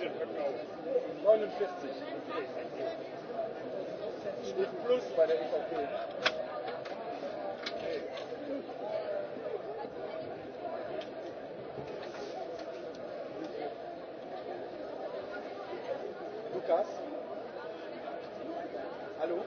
bisschen verkauft. 49. Steht Plus bei der EVP. Okay. Lukas? Hallo?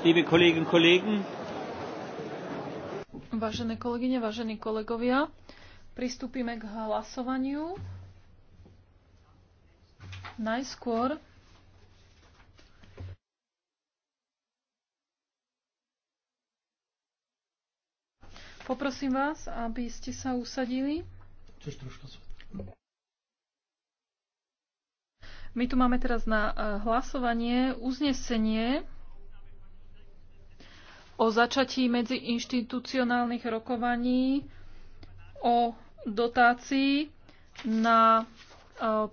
liebe Kolleginnen und Kollegen. Vážené kolegyne, vážení kolegovia, pristúpime k hlasovaniu. Najskôr Poprosím vás, aby ste sa usadili. My tu máme teraz na eh, hlasovanie uznesenie o začatí medziinštitucionálnych rokovaní o dotácii na e,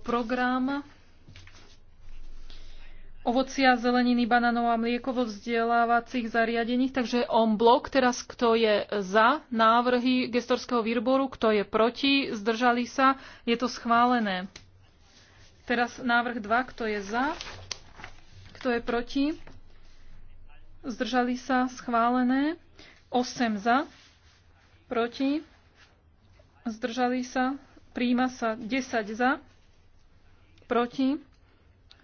program ovocia, zeleniny, bananov a mliekovo vzdelávacích zariadení. Takže on blok teraz, kto je za návrhy gestorského výboru, kto je proti, zdržali sa, je to schválené. Teraz návrh 2, kto je za, kto je proti, zdržali sa, schválené. 8 za, proti, zdržali sa, príjma sa 10 za, proti,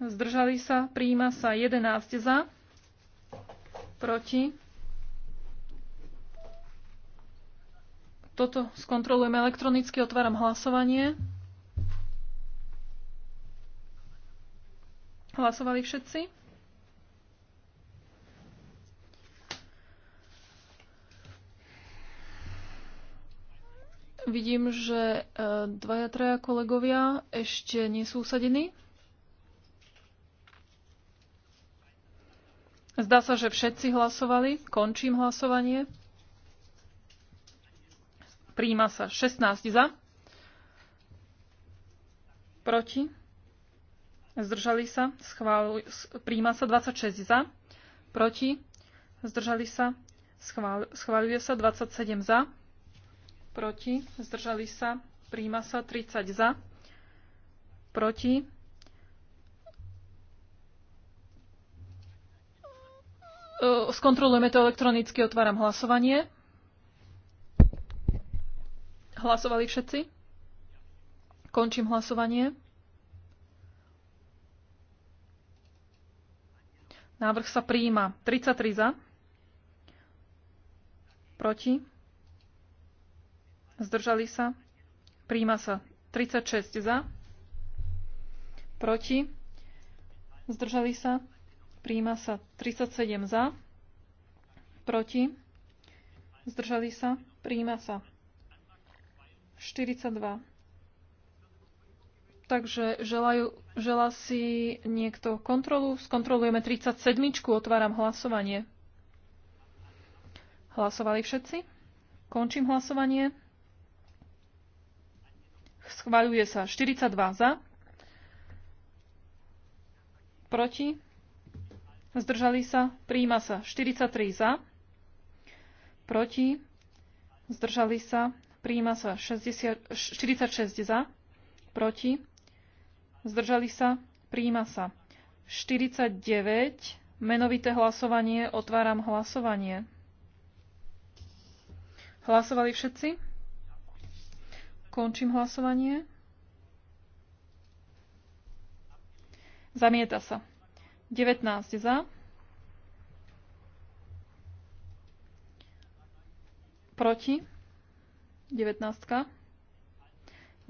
zdržali sa, príjma sa 11 za, proti. Toto skontrolujeme elektronicky, otváram hlasovanie. Hlasovali všetci? Vidím, že e, dvaja, traja kolegovia ešte nie sú usadení. Zdá sa, že všetci hlasovali. Končím hlasovanie. Príjima sa 16 za. Proti. Zdržali sa. Schvál... Príjima sa 26 za. Proti. Zdržali sa. Schvál... Schváľuje sa 27 za proti, zdržali sa, príjma sa 30 za, proti. E, skontrolujeme to elektronicky, otváram hlasovanie. Hlasovali všetci? Končím hlasovanie. Návrh sa prijíma. 33 za. Proti. Zdržali sa? Príjma sa 36 za. Proti? Zdržali sa? Príjma sa 37 za. Proti? Zdržali sa? Príjma sa 42. Takže želajú, želá si niekto kontrolu. Skontrolujeme 37. Otváram hlasovanie. Hlasovali všetci? Končím hlasovanie. Schváľuje sa 42 za. Proti. Zdržali sa. príjma sa 43 za. Proti. Zdržali sa. príjma sa 60, 46 za. Proti. Zdržali sa. príjma sa 49. Menovité hlasovanie. Otváram hlasovanie. Hlasovali všetci? Končím hlasovanie. Zamieta sa. 19 za. Proti. 19.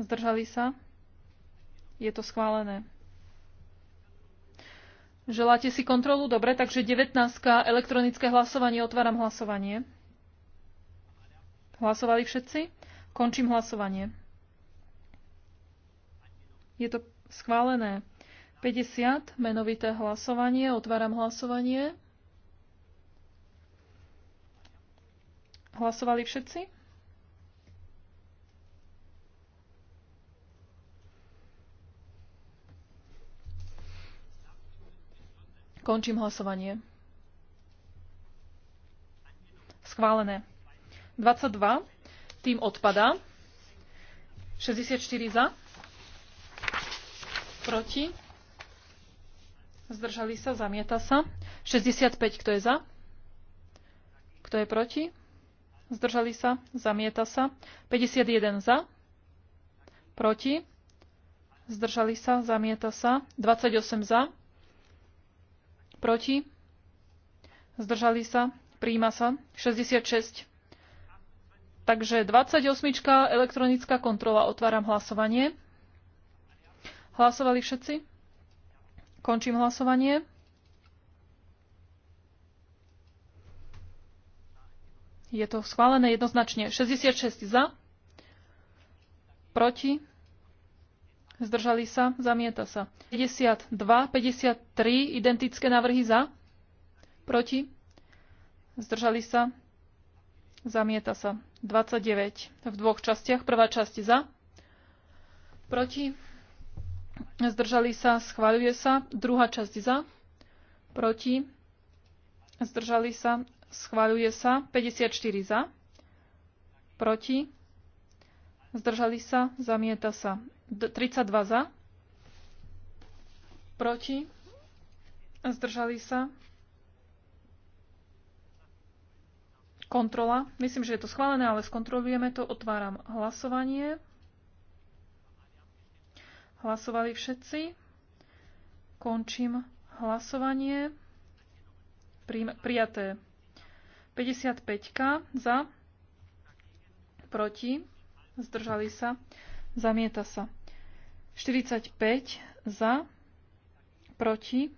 Zdržali sa. Je to schválené. Želáte si kontrolu? Dobre, takže 19. Elektronické hlasovanie. Otváram hlasovanie. Hlasovali všetci? Končím hlasovanie. Je to schválené. 50, menovité hlasovanie. Otváram hlasovanie. Hlasovali všetci? Končím hlasovanie. Schválené. 22 tým odpadá. 64 za, proti, zdržali sa, zamieta sa. 65, kto je za, kto je proti, zdržali sa, zamieta sa. 51 za, proti, zdržali sa, zamieta sa. 28 za, proti, zdržali sa, príjma sa. 66 Takže 28. elektronická kontrola. Otváram hlasovanie. Hlasovali všetci? Končím hlasovanie. Je to schválené jednoznačne. 66 za, proti, zdržali sa, zamieta sa. 52, 53, identické návrhy za, proti, zdržali sa, Zamieta sa. 29 v dvoch častiach. Prvá časť za. Proti. Zdržali sa. Schváľuje sa. Druhá časť za. Proti. Zdržali sa. Schváľuje sa. 54 za. Proti. Zdržali sa. Zamieta sa. 32 za. Proti. Zdržali sa. Kontrola. Myslím, že je to schválené, ale skontrolujeme to. Otváram hlasovanie. Hlasovali všetci. Končím hlasovanie. Prijaté. 55 za. Proti. Zdržali sa. Zamieta sa. 45 za. Proti.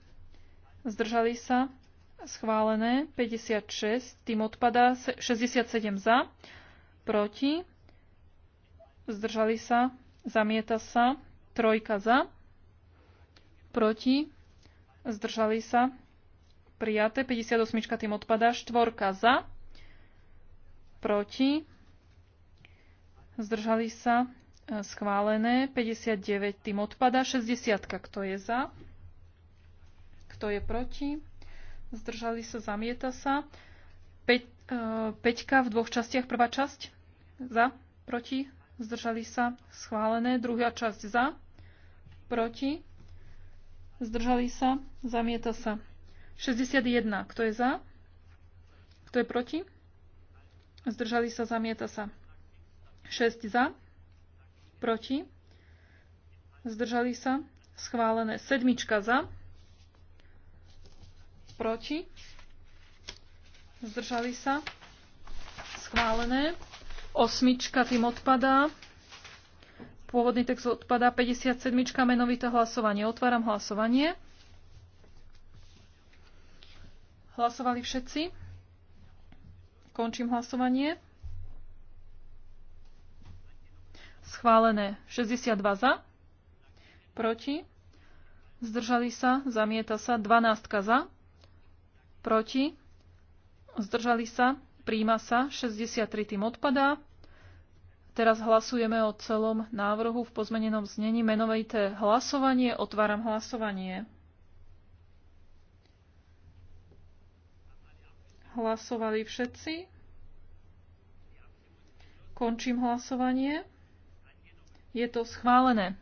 Zdržali sa schválené, 56, tým odpadá 67 za, proti, zdržali sa, zamieta sa, trojka za, proti, zdržali sa, prijaté, 58 tým odpadá, štvorka za, proti, zdržali sa, schválené, 59 tým odpadá, 60 kto je za, kto je proti, zdržali sa, zamieta sa. E, peťka v dvoch častiach, prvá časť za, proti, zdržali sa, schválené, druhá časť za, proti, zdržali sa, zamieta sa. 61, kto je za, kto je proti, zdržali sa, zamieta sa. 6 za, proti, zdržali sa, schválené, sedmička za, proti, zdržali sa, schválené. Osmička tým odpadá. Pôvodný text odpadá 57. menovité hlasovanie. Otváram hlasovanie. Hlasovali všetci? Končím hlasovanie. Schválené 62 za, proti, zdržali sa, zamieta sa, 12 za, proti, zdržali sa, príjma sa, 63 tým odpadá. Teraz hlasujeme o celom návrhu v pozmenenom znení. Menovejte hlasovanie. Otváram hlasovanie. Hlasovali všetci. Končím hlasovanie. Je to schválené.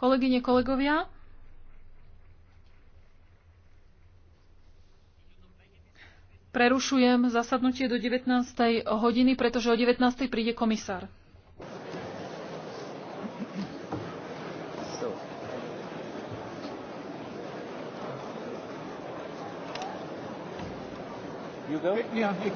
Kolegyne, kolegovia, Prerušujem zasadnutie do 19. hodiny, pretože o 19. príde komisár. You go? Yeah.